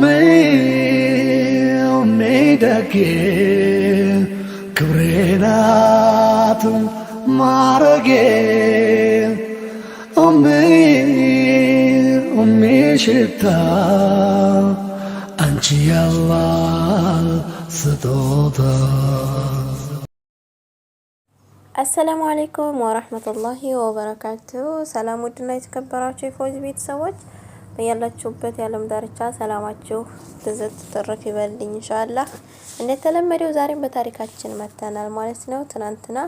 ሜሜደጌ ክብሬናት ማረጌ ሽታ አንቺ ያላህ ስጦታ። አሰላሙ አሌይኩም ወረህመቱላሂ ወበረካቱሁ። ሰላም ውድና የተከበራችሁ የፎጅ ቤተሰቦች በያላችሁበት የዓለም ዳርቻ ሰላማችሁ ትዝት ትርፍ ይበልኝ ኢንሻአላህ። እንደተለመደው ዛሬም በታሪካችን መተናል ማለት ነው። ትናንትና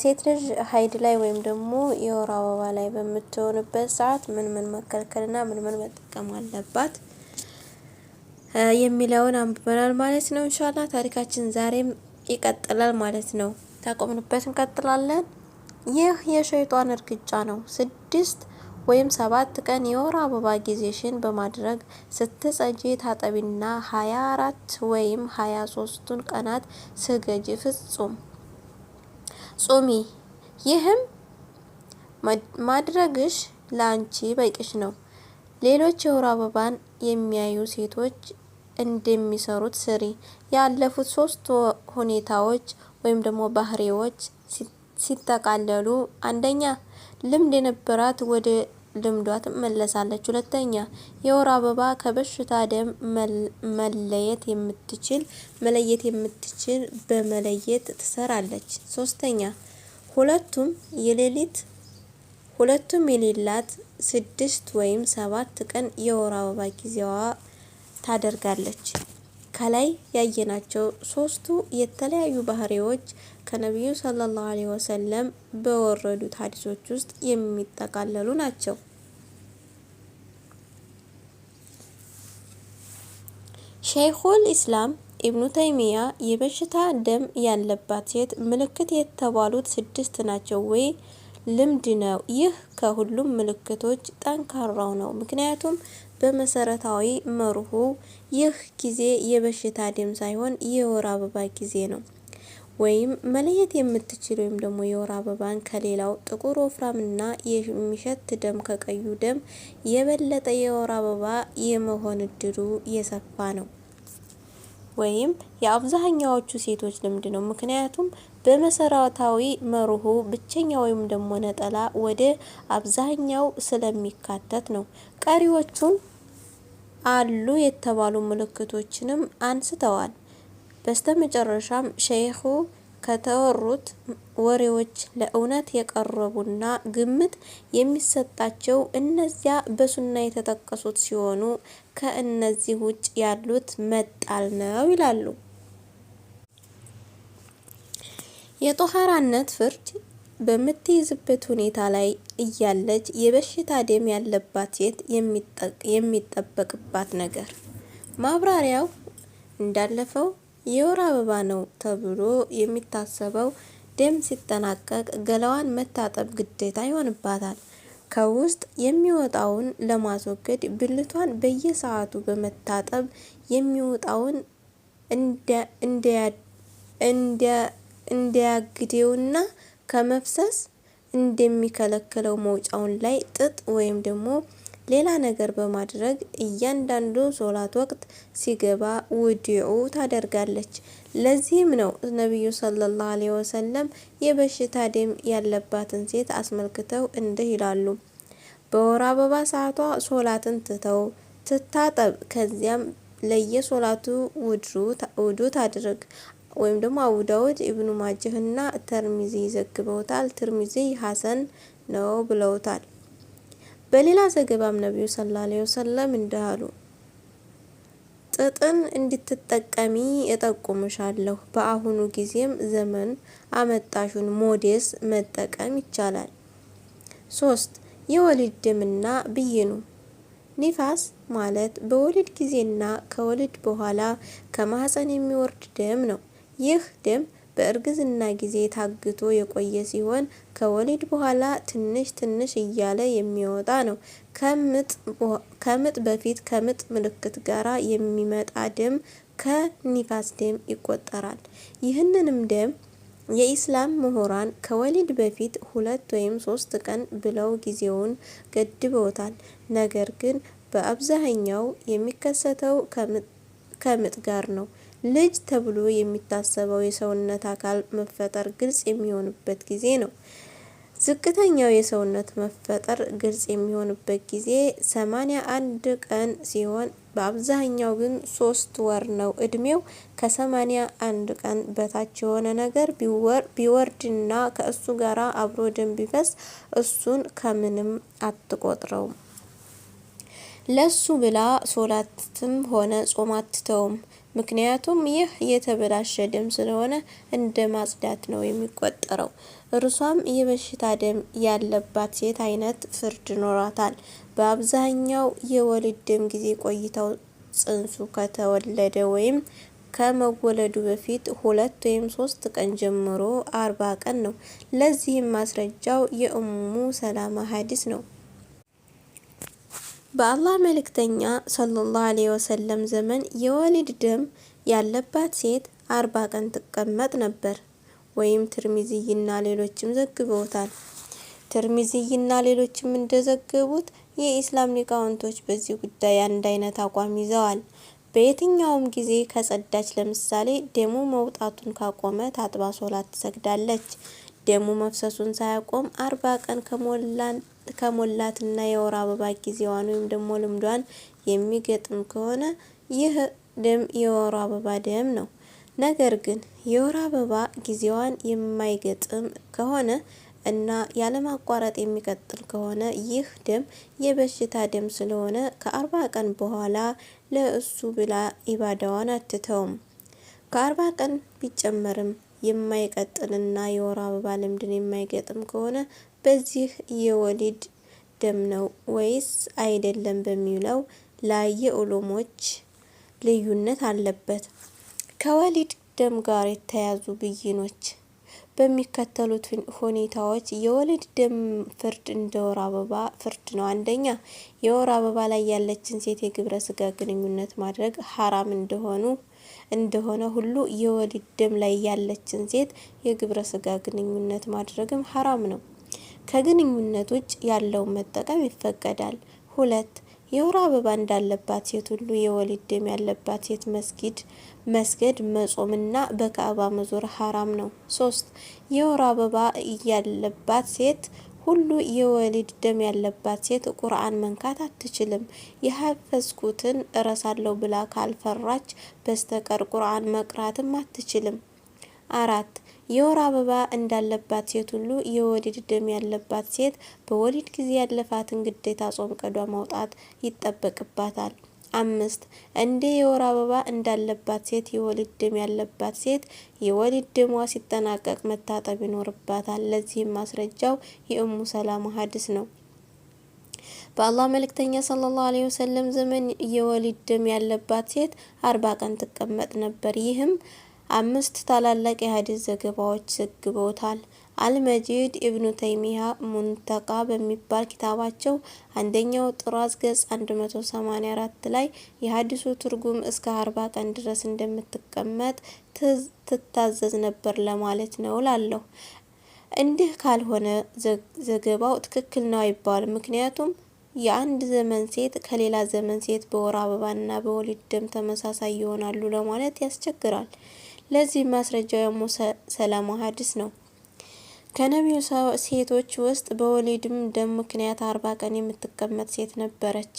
ሴት ልጅ ሀይድ ላይ ወይም ደግሞ የወር አበባ ላይ በምትሆንበት ሰዓት ምን ምን መከልከልና ምን ምን መጠቀም አለባት የሚለውን አንብበናል ማለት ነው። ኢንሻአላህ ታሪካችን ዛሬም ይቀጥላል ማለት ነው። ታቆምንበት እንቀጥላለን። ይህ የሸይጧን እርግጫ ነው። ስድስት ወይም ሰባት ቀን የወር አበባ ጊዜሽን በማድረግ ስትጸጂ ታጠቢና አራት ወይም ሀያ ቱን ቀናት ስገጂ ፍጹም ጹሚ። ይህም ማድረግሽ ለአንቺ በቂሽ ነው። ሌሎች የወር አበባን የሚያዩ ሴቶች እንደሚሰሩት ስሪ። ያለፉት ሶስት ሁኔታዎች ወይም ደግሞ ባህሪዎች ሲጠቃለሉ አንደኛ ልምድ የነበራት ወደ ልምዷ ትመለሳለች። ሁለተኛ የወር አበባ ከበሽታ ደም መለየት የምትችል መለየት የምትችል በመለየት ትሰራለች። ሶስተኛ ሁለቱም የሌሊት ሁለቱም የሌላት ስድስት ወይም ሰባት ቀን የወር አበባ ጊዜዋ ታደርጋለች። ከላይ ያየናቸው ሶስቱ የተለያዩ ባህሪዎች ከነቢዩ ሰለላሁ ዐለይሂ ወሰለም በወረዱት ሀዲሶች ውስጥ የሚጠቃለሉ ናቸው። ሸይኹል ኢስላም ኢብኑ ተይሚያ የበሽታ ደም ያለባት ሴት ምልክት የተባሉት ስድስት ናቸው ወይ ልምድ ነው? ይህ ከሁሉም ምልክቶች ጠንካራው ነው። ምክንያቱም በመሰረታዊ መርሁ ይህ ጊዜ የበሽታ ደም ሳይሆን የወር አበባ ጊዜ ነው። ወይም መለየት የምትችል ወይም ደግሞ የወር አበባን ከሌላው ጥቁር ወፍራምና የሚሸት ደም ከቀዩ ደም የበለጠ የወር አበባ የመሆን እድሉ የሰፋ ነው። ወይም የአብዛኛዎቹ ሴቶች ልምድ ነው። ምክንያቱም በመሰረታዊ መርሁ ብቸኛ ወይም ደግሞ ነጠላ ወደ አብዛኛው ስለሚካተት ነው። ቀሪዎቹን አሉ የተባሉ ምልክቶችንም አንስተዋል። በስተመጨረሻም ሸይኹ ከተወሩት ወሬዎች ለእውነት የቀረቡና ግምት የሚሰጣቸው እነዚያ በሱና የተጠቀሱት ሲሆኑ ከእነዚህ ውጭ ያሉት መጣል ነው ይላሉ። የጦሃራነት ፍርድ በምትይዝበት ሁኔታ ላይ እያለች የበሽታ ደም ያለባት ሴት የሚጠበቅባት ነገር ማብራሪያው እንዳለፈው የወር አበባ ነው ተብሎ የሚታሰበው ደም ሲጠናቀቅ ገላዋን መታጠብ ግዴታ ይሆንባታል። ከውስጥ የሚወጣውን ለማስወገድ ብልቷን በየሰዓቱ በመታጠብ የሚወጣውን እንዲያግደውና ከመፍሰስ እንደሚከለክለው መውጫውን ላይ ጥጥ ወይም ደግሞ ሌላ ነገር በማድረግ እያንዳንዱ ሶላት ወቅት ሲገባ ውዲዑ ታደርጋለች። ለዚህም ነው ነቢዩ ሰለላሁ ዐለይሂ ወሰለም የበሽታ ደም ያለባትን ሴት አስመልክተው እንዲህ ይላሉ። በወር አበባ ሰዓቷ ሶላትን ትተው ትታጠብ፣ ከዚያም ለየሶላቱ ውዱ ታድርግ። ወይም ደግሞ አቡ ዳውድ ኢብኑ ማጅህና ተርሚዚ ይዘግበውታል። ትርሚዚ ሀሰን ነው ብለውታል። በሌላ ዘገባም ነቢዩ ሰለላሁ ዐለይሂ ወሰለም እንዳሉ ጥጥን እንድትጠቀሚ እጠቁምሻለሁ። በአሁኑ ጊዜም ዘመን አመጣሹን ሞዴስ መጠቀም ይቻላል። ሶስት የወሊድ ደምና ብይኑ ኒፋስ ማለት በወሊድ ጊዜና ከወሊድ በኋላ ከማህፀን የሚወርድ ደም ነው። ይህ ደም በእርግዝና ጊዜ ታግቶ የቆየ ሲሆን ከወሊድ በኋላ ትንሽ ትንሽ እያለ የሚወጣ ነው። ከምጥ በፊት ከምጥ ምልክት ጋራ የሚመጣ ደም ከኒፋስ ደም ይቆጠራል። ይህንንም ደም የኢስላም ምሁራን ከወሊድ በፊት ሁለት ወይም ሶስት ቀን ብለው ጊዜውን ገድበውታል። ነገር ግን በአብዛኛው የሚከሰተው ከምጥ ጋር ነው። ልጅ ተብሎ የሚታሰበው የሰውነት አካል መፈጠር ግልጽ የሚሆንበት ጊዜ ነው። ዝቅተኛው የሰውነት መፈጠር ግልጽ የሚሆንበት ጊዜ 81 ቀን ሲሆን በአብዛኛው ግን ሶስት ወር ነው። እድሜው ከ አንድ ቀን በታች የሆነ ነገር ቢወርድና ከእሱ ጋር አብሮ ደም ቢፈስ እሱን ከምንም አትቆጥረውም። ለሱ ብላ ሶላትም ሆነ ጾም አትተውም። ምክንያቱም ይህ የተበላሸ ደም ስለሆነ እንደ ማጽዳት ነው የሚቆጠረው። እርሷም የበሽታ ደም ያለባት ሴት አይነት ፍርድ ኖሯታል። በአብዛኛው የወሊድ ደም ጊዜ ቆይታው ጽንሱ ከተወለደ ወይም ከመወለዱ በፊት ሁለት ወይም ሶስት ቀን ጀምሮ አርባ ቀን ነው። ለዚህም ማስረጃው የእሙ ሰላማ ሀዲስ ነው። በአላህ መልእክተኛ ሰለላሁ ዐለይሂ ወሰለም ዘመን የወሊድ ደም ያለባት ሴት አርባ ቀን ትቀመጥ ነበር ወይም ትርሚዝይና ሌሎችም ዘግበውታል። ትርሚዝይና ሌሎችም እንደዘገቡት የኢስላም ሊቃውንቶች በዚህ ጉዳይ አንድ አይነት አቋም ይዘዋል። በየትኛውም ጊዜ ከጸዳች፣ ለምሳሌ ደሙ መውጣቱን ካቆመ ታጥባ ሶላት ትሰግዳለች። ደሙ መፍሰሱን ሳያቆም አርባ ቀን ከሞላትና የወር አበባ ጊዜዋን ወይም ደግሞ ልምዷን የሚገጥም ከሆነ ይህ ደም የወር አበባ ደም ነው። ነገር ግን የወር አበባ ጊዜዋን የማይገጥም ከሆነ እና ያለማቋረጥ የሚቀጥል ከሆነ ይህ ደም የበሽታ ደም ስለሆነ ከአርባ ቀን በኋላ ለእሱ ብላ ኢባዳዋን አትተውም። ከአርባ ቀን ቢጨመርም የማይቀጥልና የወር አበባ ልምድን የማይገጥም ከሆነ በዚህ የወሊድ ደም ነው ወይስ አይደለም በሚለው ላይ የኦሎሞች ልዩነት አለበት። ከወሊድ ደም ጋር የተያዙ ብይኖች በሚከተሉት ሁኔታዎች የወሊድ ደም ፍርድ እንደ ወር አበባ ፍርድ ነው። አንደኛ የወር አበባ ላይ ያለችን ሴት የግብረ ስጋ ግንኙነት ማድረግ ሀራም እንደሆኑ እንደሆነ ሁሉ የወሊድ ደም ላይ ያለችን ሴት የግብረ ስጋ ግንኙነት ማድረግም ሀራም ነው። ከግንኙነት ውጭ ያለውን መጠቀም ይፈቀዳል። ሁለት የወር አበባ እንዳለባት ሴት ሁሉ የወሊድ ደም ያለባት ሴት መስጊድ መስገድ መጾምና በካዕባ መዞር ሀራም ነው። ሶስት የወር አበባ ያለባት ሴት ሁሉ የወሊድ ደም ያለባት ሴት ቁርአን መንካት አትችልም። የሀፈዝኩትን እረሳለሁ ብላ ካልፈራች በስተቀር ቁርአን መቅራትም አትችልም። አራት የወር አበባ እንዳለባት ሴት ሁሉ የወሊድ ደም ያለባት ሴት በወሊድ ጊዜ ያለፋትን ግዴታ ጾም ቀዷ ማውጣት ይጠበቅባታል። አምስት እንደ የወር አበባ እንዳለባት ሴት የወሊድ ደም ያለባት ሴት የወሊድ ደሟ ሲጠናቀቅ መታጠብ ይኖርባታል። ለዚህም ማስረጃው የእሙ ሰላም ሀዲስ ነው። በአላህ መልእክተኛ ሰለላሁ ዐለይሂ ወሰለም ዘመን የወሊድ ደም ያለባት ሴት አርባ ቀን ትቀመጥ ነበር። ይህም አምስት ታላላቅ የሀዲስ ዘገባዎች ዘግበውታል። አልመጂድ ኢብኑ ተይሚያ ሙንተቃ በሚባል ኪታባቸው አንደኛው ጥራዝ ገጽ 184 ላይ የሀዲሱ ትርጉም እስከ 40 ቀን ድረስ እንደምትቀመጥ ትታዘዝ ነበር ለማለት ነው ላለሁ። እንዲህ ካልሆነ ዘገባው ትክክል ነው አይባልም። ምክንያቱም የአንድ ዘመን ሴት ከሌላ ዘመን ሴት በወር አበባና በወሊድ ደም ተመሳሳይ ይሆናሉ ለማለት ያስቸግራል። ለዚህ ማስረጃው የሙ ሰላሙ ሀዲስ ነው። ከነቢዩ ሴቶች ውስጥ በወሊድም ደም ምክንያት አርባ ቀን የምትቀመጥ ሴት ነበረች።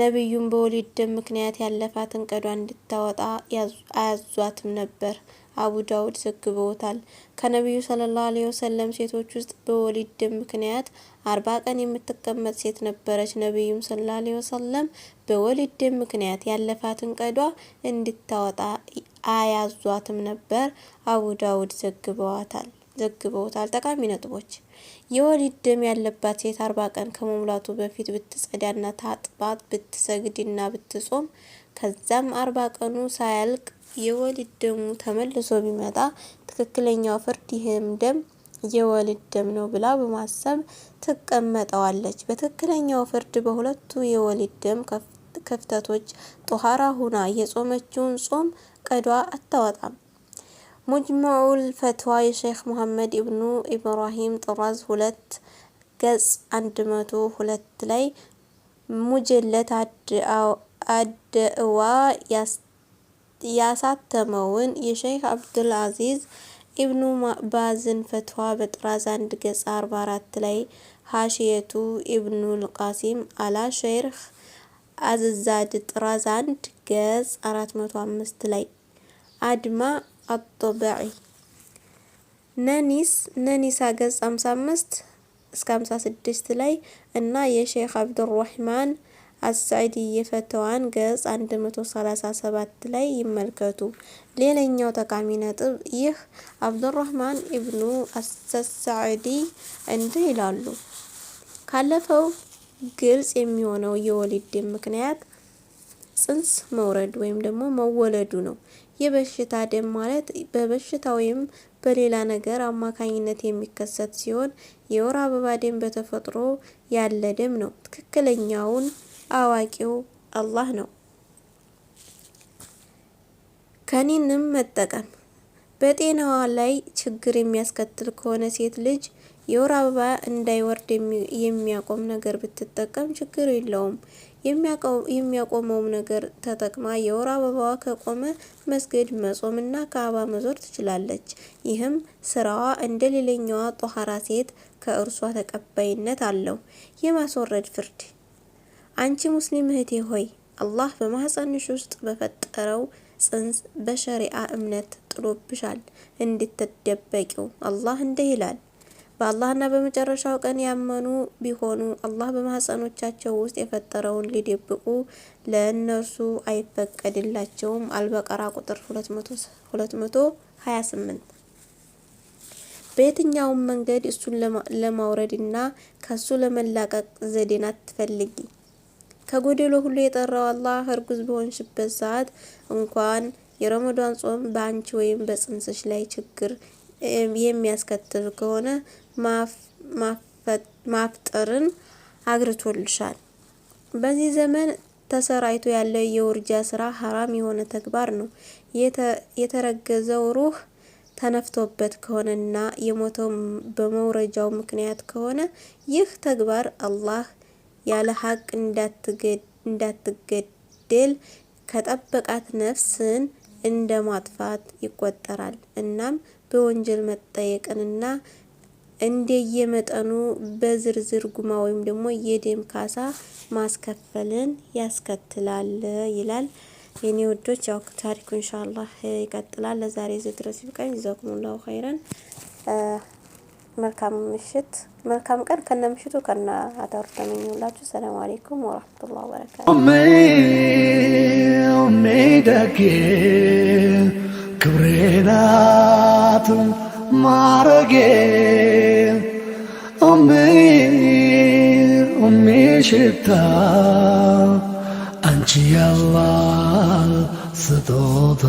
ነቢዩም በወሊድ ደም ምክንያት ያለፋትን ቀዷ እንድታወጣ አያዟትም ነበር። አቡ ዳውድ ዘግበውታል። ከነቢዩ ሰለላሁ አለይሂ ወሰለም ሴቶች ውስጥ በወሊድ ደም ምክንያት አርባ ቀን የምትቀመጥ ሴት ነበረች። ነቢዩም ሰለላሁ አለይሂ ወሰለም በወሊድ ደም ምክንያት ያለፋትን ቀዷ እንድታወጣ አያዟትም ነበር። አቡ ዳውድ ዘግበዋታል ዘግበውታል። ጠቃሚ ነጥቦች የወሊድ ደም ያለባት ሴት አርባ ቀን ከመሙላቱ በፊት ብትጸዳና ታጥባት ብትሰግድና ብትጾም ከዛም አርባ ቀኑ ሳያልቅ የወሊድ ደሙ ተመልሶ ቢመጣ ትክክለኛው ፍርድ ይህም ደም የወሊድ ደም ነው ብላ በማሰብ ትቀመጠዋለች። በትክክለኛው ፍርድ በሁለቱ የወሊድ ደም ከፍተቶች ጦሃራ ሁና የጾመችውን ጾም ፈቃዷ አታወጣም። ሙጅመዑል ፈትዋ የሼክ መሐመድ ኢብኑ ኢብራሂም ጥራዝ ሁለት ገጽ 102 ላይ ሙጀለት አደእዋ ያሳተመውን የሼክ አብዱል አዚዝ ኢብኑ ባዝን ፈትዋ በጥራዝ አንድ ገጽ 44 ላይ ሀሽየቱ ኢብኑል ቃሲም አላ ሼይኽ አዝዛድ ጥራዝ አንድ ገጽ 405 ላይ አድማ አጦበዒ ነኒስ ነኒሳ ገጽ 55 እስከ 56 ላይ እና የሼክ አብዱራህማን አስዕዲ የፈተዋን ገጽ 137 ላይ ይመልከቱ። ሌላኛው ጠቃሚ ነጥብ ይህ አብዱራህማን ኢብኑ አስዕዲ እንዲህ ይላሉ። ካለፈው ግልጽ የሚሆነው የወሊድ ምክንያት ጽንስ መውረድ ወይም ደግሞ መወለዱ ነው። የበሽታ ደም ማለት በበሽታ ወይም በሌላ ነገር አማካኝነት የሚከሰት ሲሆን የወር አበባ ደም በተፈጥሮ ያለ ደም ነው። ትክክለኛውን አዋቂው አላህ ነው። ከኒንም መጠቀም በጤናዋ ላይ ችግር የሚያስከትል ከሆነ ሴት ልጅ የወር አበባ እንዳይወርድ የሚያቆም ነገር ብትጠቀም ችግር የለውም። የሚያቆመው ነገር ተጠቅማ የወር አበባዋ ከቆመ መስገድ መጾምና ከአባ መዞር ትችላለች። ይህም ስራዋ እንደ ሌላኛዋ ጦሃራ ሴት ከእርሷ ተቀባይነት አለው። የማስወረድ ፍርድ። አንቺ ሙስሊም እህቴ ሆይ አላህ በማህፀንሽ ውስጥ በፈጠረው ጽንስ በሸሪዓ እምነት ጥሎብሻል። እንድትደበቂው አላህ እንዲህ ይላል በአላህና በመጨረሻው ቀን ያመኑ ቢሆኑ አላህ በማህፀኖቻቸው ውስጥ የፈጠረውን ሊደብቁ ለእነርሱ አይፈቀድላቸውም። አልበቀራ ቁጥር 228 በየትኛውም መንገድ እሱን ለማውረድና ከሱ ለመላቀቅ ዘዴን አትፈልጊ። ከጎደሎ ሁሉ የጠራው አላህ እርጉዝ በሆንሽበት ሰዓት እንኳን የረመዷን ጾም በአንቺ ወይም በጽንስሽ ላይ ችግር የሚያስከትል ከሆነ ማፍጠርን አግርቶልሻል። በዚህ ዘመን ተሰራይቶ ያለው የውርጃ ስራ ሀራም የሆነ ተግባር ነው። የተረገዘው ሩህ ተነፍቶበት ከሆነና የሞተው በመውረጃው ምክንያት ከሆነ ይህ ተግባር አላህ ያለ ሀቅ እንዳትገደል ከጠበቃት ነፍስን እንደ ማጥፋት ይቆጠራል። እናም በወንጀል መጠየቅንና እንደየመጠኑ በዝርዝር ጉማ ወይም ደግሞ የደም ካሳ ማስከፈልን ያስከትላል ይላል። የኔ ወዶች ያው ታሪኩ ኢንሻአላህ ይቀጥላል። ለዛሬ እዚህ ድረስ ይብቃኝ። ጀዛኩሙላሁ ኸይረን። መልካም ምሽት፣ መልካም ቀን ከነ ምሽቱ ከነ አዳሩ ተመኝላችሁ። ሰላም አሌይኩም ወራህመቱላ ወበረካቱ። ክብሬ ማረጌ ኡሚ ሽታ አንቺ ያላ ስጦታ